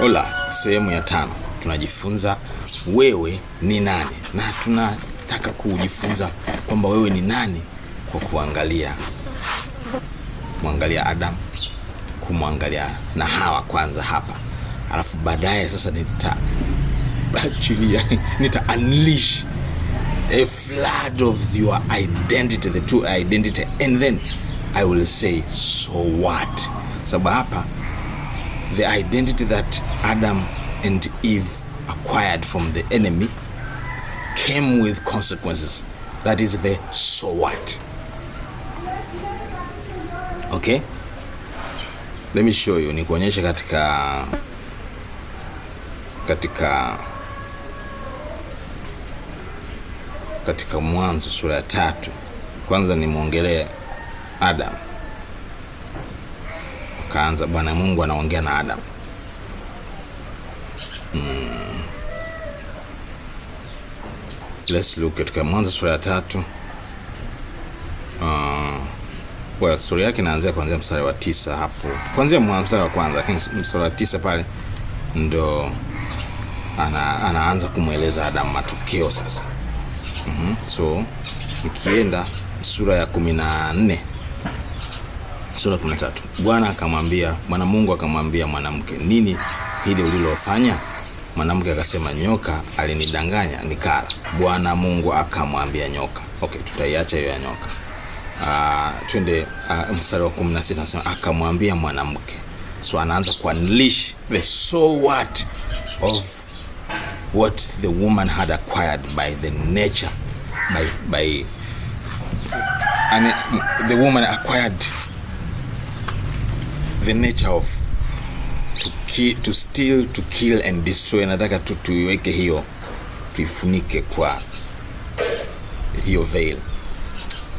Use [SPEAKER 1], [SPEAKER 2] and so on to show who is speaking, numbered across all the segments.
[SPEAKER 1] Hola, sehemu ya tano tunajifunza wewe ni nani, na tunataka kujifunza kwamba wewe ni nani kwa kuangalia mwangalia Adam, kumwangalia na Hawa kwanza hapa, alafu baadaye sasa nitaachilia nita unleash a flood of your identity, the true identity and then I will say so what, sababu hapa the identity that Adam and Eve acquired from the enemy came with consequences. That is the so what. Okay? Let me show you, nikuonyesha katika katika katika Mwanzo sura ya tatu. Kwanza nimwongelee Adam akaanza Bwana Mungu anaongea na adam hmm. Let's look katika Mwanzo sura ya tatu. Uh, well, sura yake inaanzia kuanzia mstari wa tisa hapo, kuanzia mstari wa kwanza, lakini mstari wa tisa pale ndo ana, anaanza kumweleza Adamu matokeo sasa. mm -hmm. So ikienda sura ya kumi na nne sura tatu Bwana akamwambia Bwana Mungu akamwambia mwanamke, nini hili ulilofanya? Mwanamke akasema, nyoka alinidanganya nikara. Bwana Mungu akamwambia nyoka. Okay, tutaiacha hiyo ya nyoka. Uh, twende ah, mstari wa 16 anasema akamwambia mwanamke. So anaanza kuunleash the so what of what the woman had acquired by the nature by by and the woman acquired the nature of to, ki, to steal to kill and destroy. Nataka tu tuiweke hiyo, tuifunike kwa hiyo veil.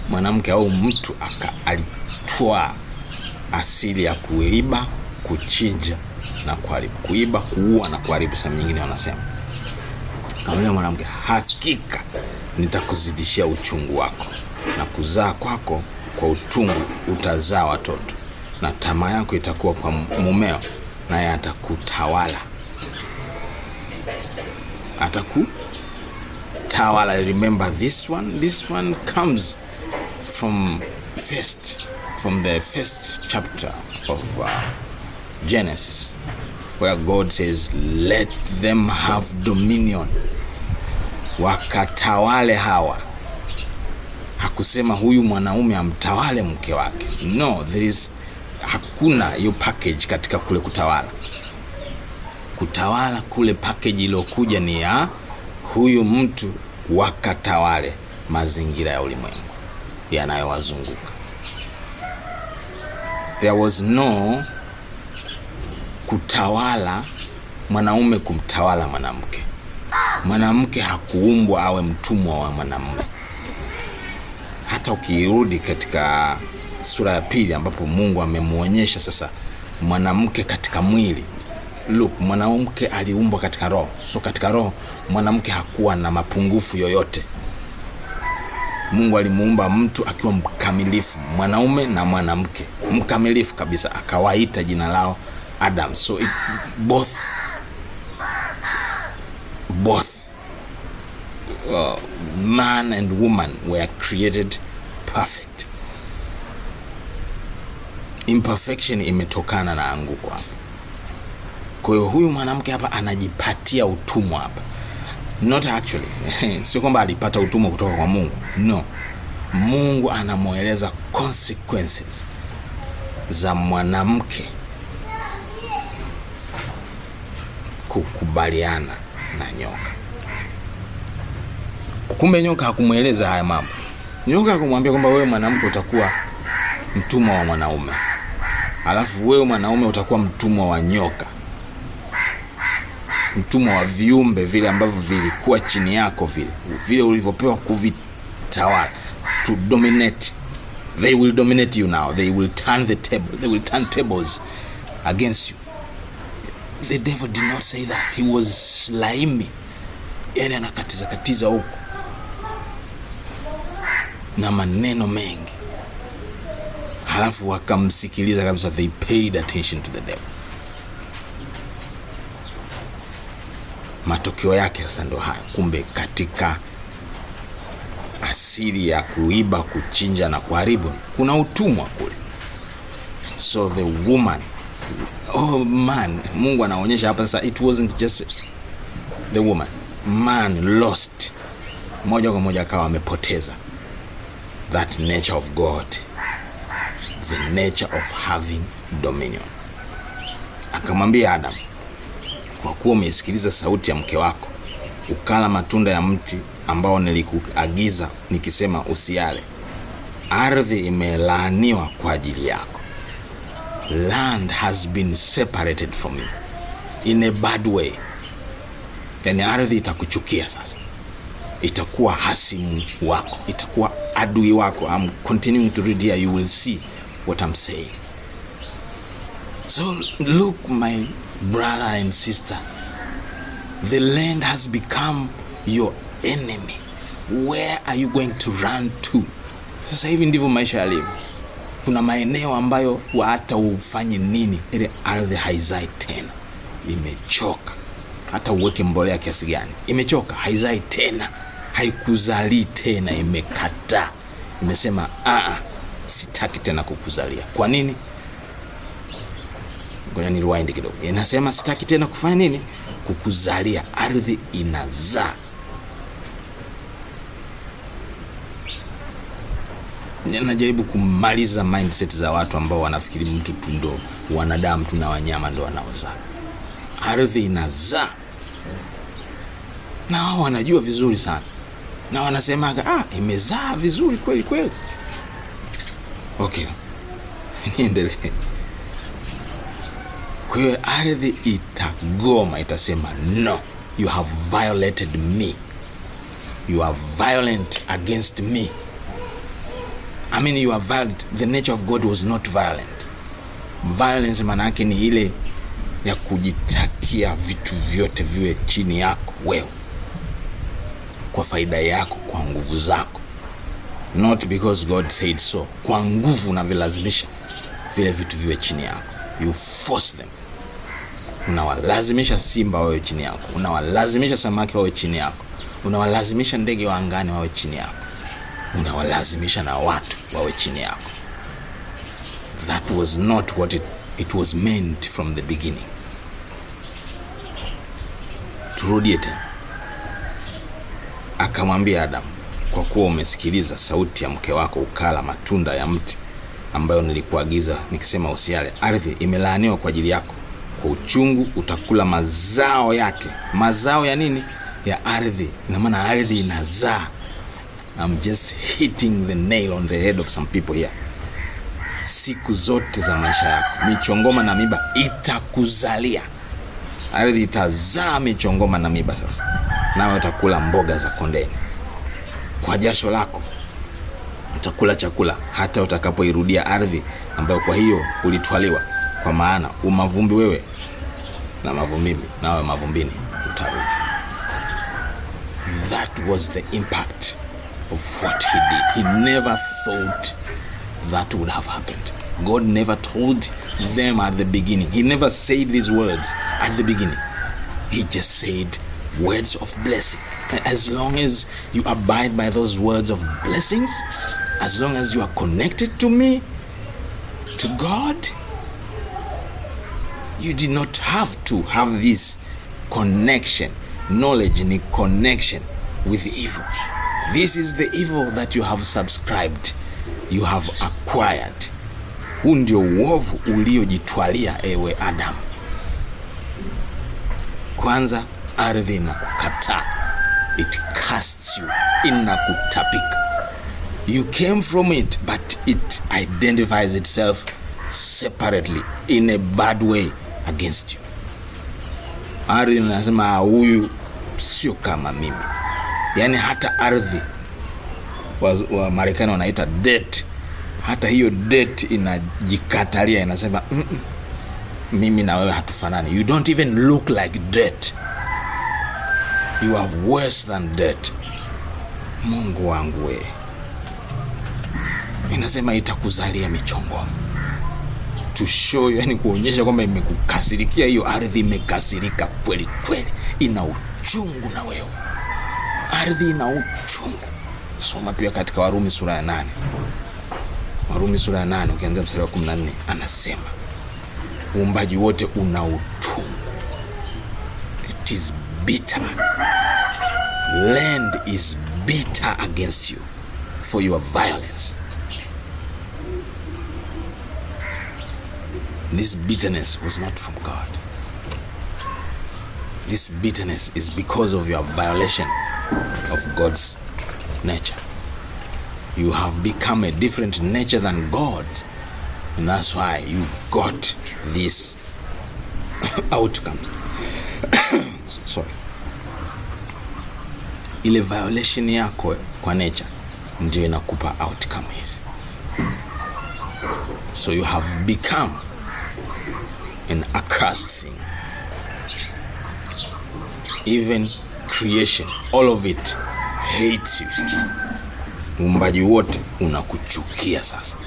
[SPEAKER 1] Mwanamke au mtu aka alitwaa asili ya kuiba, kuchinja na kuharibu, kuiba, kuua na kuharibu. Sehemu nyingine wanasema kamwambia mwanamke, hakika nitakuzidishia uchungu wako na kuzaa kwako kwa utungu utazaa watoto na tamaa yako itakuwa kwa mumeo, naye atakutawala, atakutawala. Remember this one, this one comes from first, from the first chapter of uh, Genesis where God says let them have dominion, wakatawale hawa Hakusema huyu mwanaume amtawale mke wake. No, there is hakuna hiyo package katika kule kutawala. Kutawala kule package iliyokuja ni ya huyu mtu wakatawale mazingira ya ulimwengu yanayowazunguka. There was no kutawala mwanaume kumtawala mwanamke. Mwanamke hakuumbwa awe mtumwa wa mwanamume. Hata ukirudi katika sura ya pili ambapo Mungu amemwonyesha sasa mwanamke katika mwili. Look, mwanamke aliumbwa katika roho, so katika roho mwanamke hakuwa na mapungufu yoyote. Mungu alimuumba mtu akiwa mkamilifu, mwanaume na mwanamke mkamilifu kabisa, akawaita jina lao Adam. So it, both both uh, man and woman were created perfect imperfection imetokana na anguko hapa. Kwa hiyo huyu mwanamke hapa anajipatia utumwa hapa, not actually sio kwamba alipata utumwa kutoka kwa Mungu, no. Mungu anamweleza consequences za mwanamke kukubaliana na nyoka. Kumbe nyoka hakumweleza haya mambo. Nyoka akamwambia kwamba wewe mwanamke utakuwa mtumwa wa mwanaume alafu wewe mwanaume utakuwa mtumwa wa nyoka, mtumwa wa viumbe vile ambavyo vilikuwa chini yako, vile vile ulivyopewa kuvitawala, to dominate. They will dominate you now, they will turn the table, they will turn tables against you. The devil did not say that, he was slimy. Yani anakatiza katiza huko na maneno mengi halafu wakamsikiliza kabisa, they paid attention to the devil. Matokeo yake sasa ndo haya, kumbe katika asili ya kuiba, kuchinja na kuharibu kuna utumwa kule. So the woman oh man, Mungu anaonyesha hapa sasa, it wasn't just the woman, man lost, moja kwa moja akawa amepoteza that nature of God the nature of having dominion. Akamwambia Adam, kwa kuwa umeisikiliza sauti ya mke wako, ukala matunda ya mti ambao nilikuagiza nikisema usiale, ardhi imelaaniwa kwa ajili yako. Land has been separated from you in a bad way. Yani ardhi itakuchukia sasa, itakuwa hasimu wako, itakuwa adui wako. I'm continuing to read here, you will see what I'm saying. So, look, my brother and sister, the land has become your enemy. Where are you going to run to? Sasa hivi ndivyo maisha yalivyo. Kuna maeneo ambayo hata ufanye nini, ile ardhi haizai tena, imechoka. Hata uweke mbolea kiasi gani, imechoka, haizai tena, haikuzalii tena, imekataa, imesema aa ah, ah, sitaki tena kukuzalia. Kwa nini? Ngoja ni rewind kidogo. Inasema sitaki tena kufanya nini? Kukuzalia. Ardhi inazaa. Najaribu kumaliza mindset za watu ambao wanafikiri mtu tu ndo wanadamu tu na wanyama ndo wanaozaa. Ardhi inazaa, na wao wanajua vizuri sana, na wanasemaga ah, imezaa vizuri kweli kweli. Okay, niendelee. Kwa hiyo ardhi itagoma, itasema no, you have violated me, you are violent against me. I mean you are violent. The nature of God was not violent. Violence maana yake ni ile ya kujitakia vitu vyote viwe chini yako wewe, kwa faida yako, kwa nguvu zako not because God said so. Kwa nguvu unavilazimisha vile vitu viwe chini yako, you force them. Unawalazimisha simba wawe chini yako, unawalazimisha samaki wawe chini yako, unawalazimisha ndege wa angani wawe chini yako, unawalazimisha na watu wawe chini yako. That was not what it, it was meant from the beginning. Turudie tena, akamwambia Adamu kwa kuwa umesikiliza sauti ya mke wako ukala matunda ya mti ambayo nilikuagiza nikisema usiale. Ardhi imelaaniwa kwa ajili yako, kwa uchungu utakula mazao yake. Mazao ya nini? Ya ardhi. Ina maana ardhi inazaa. I'm just hitting the nail on the head of some people here. Siku zote za maisha yako michongoma na miba itakuzalia. Ardhi itazaa michongoma na miba. Sasa nawe utakula mboga za kondeni kwa jasho lako utakula chakula hata utakapoirudia ardhi ambayo kwa hiyo ulitwaliwa, kwa maana umavumbi wewe na mavumbini, nawe mavumbini utarudi. That was the impact of what he did. He never thought that would have happened. God never told them at the beginning. He never said these words at the beginning. He just said words of blessing as long as you abide by those words of blessings, as long as you are connected to me, to God, you did not have to have this connection. Knowledge in connection with evil. This is the evil that you have subscribed, you have acquired. Huu ndio ulio uliojitwalia ewe adam Kwanza ardhi na kukataa it casts you, inakutapika. You came from it, but it identifies itself separately in a bad way against you. Ardhi nasema huyu sio kama mimi, yaani hata ardhi wa, wa Marekani wanaita debt, hata hiyo debt inajikatalia, inasema mm -mm, mimi na wewe hatufanani, you don't even look like debt. You are worse than dead. Mungu wangu we, inasema itakuzalia michongo to show, yani kuonyesha kwamba imekukasirikia. Hiyo ardhi imekasirika kweli kweli, ina uchungu na wewe. Ardhi ina uchungu. Soma pia katika Warumi sura ya nane. Warumi sura ya nane ukianzia mstari wa 14 anasema uumbaji wote una utungu. It is bitter. Land is bitter against you for your violence. This bitterness was not from God. This bitterness is because of your violation of God's nature. You have become a different nature than God's, and that's why you got this outcome sorry, ile violation yako kwa nature ndio inakupa outcome hizi. So you have become an accursed thing. Even creation, all of it hates you. Uumbaji wote unakuchukia sasa.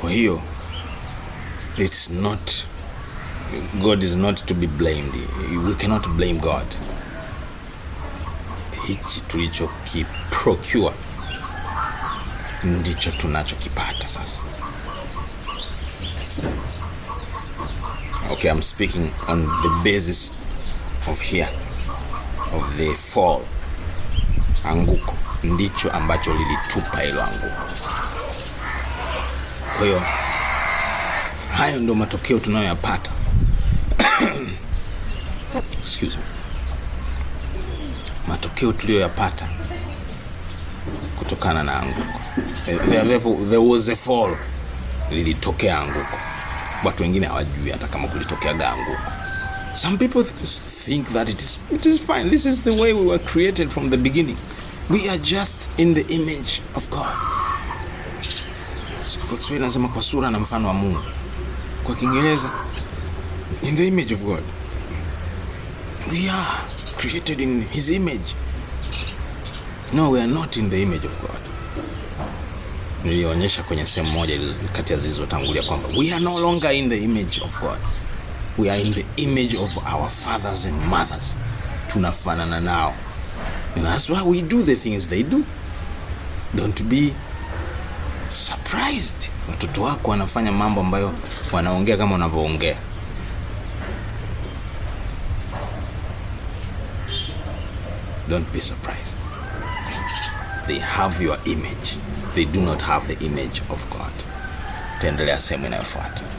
[SPEAKER 1] Kwa hiyo It's not, God is not to be blamed. We cannot blame God. Hichi tulichokiprocure ndicho tunachokipata sasa. Okay, I'm speaking on the basis of here of the fall, anguko ndicho ambacho lilitupa hilo anguko. Kwa hiyo Hayo ndio matokeo tunayoyapata. Excuse me. Matokeo tuliyoyapata kutokana na anguko. Eh, there, there was a fall, lilitokea anguko. Watu wengine hawajui hata kama kulitokea anguko. Some people think that it is, it is fine. This is the way we were created from the beginning. We are just in the image of God. Kwa Kiswahili nasema kwa sura na mfano wa Mungu kwa Kiingereza, in the image of God. We are created in his image. No, we are not in the image of God. Nilionyesha kwenye sehemu moja kati ya zilizotangulia kwamba we are no longer in the image of God. We are in the image of our fathers and mothers. Tunafanana nao. And that's why we do the things they do. Don't be surprised watoto wako wanafanya mambo ambayo wanaongea kama wanavyoongea don't be surprised they have your image they do not have the image of god tendelea sehemu inayofuata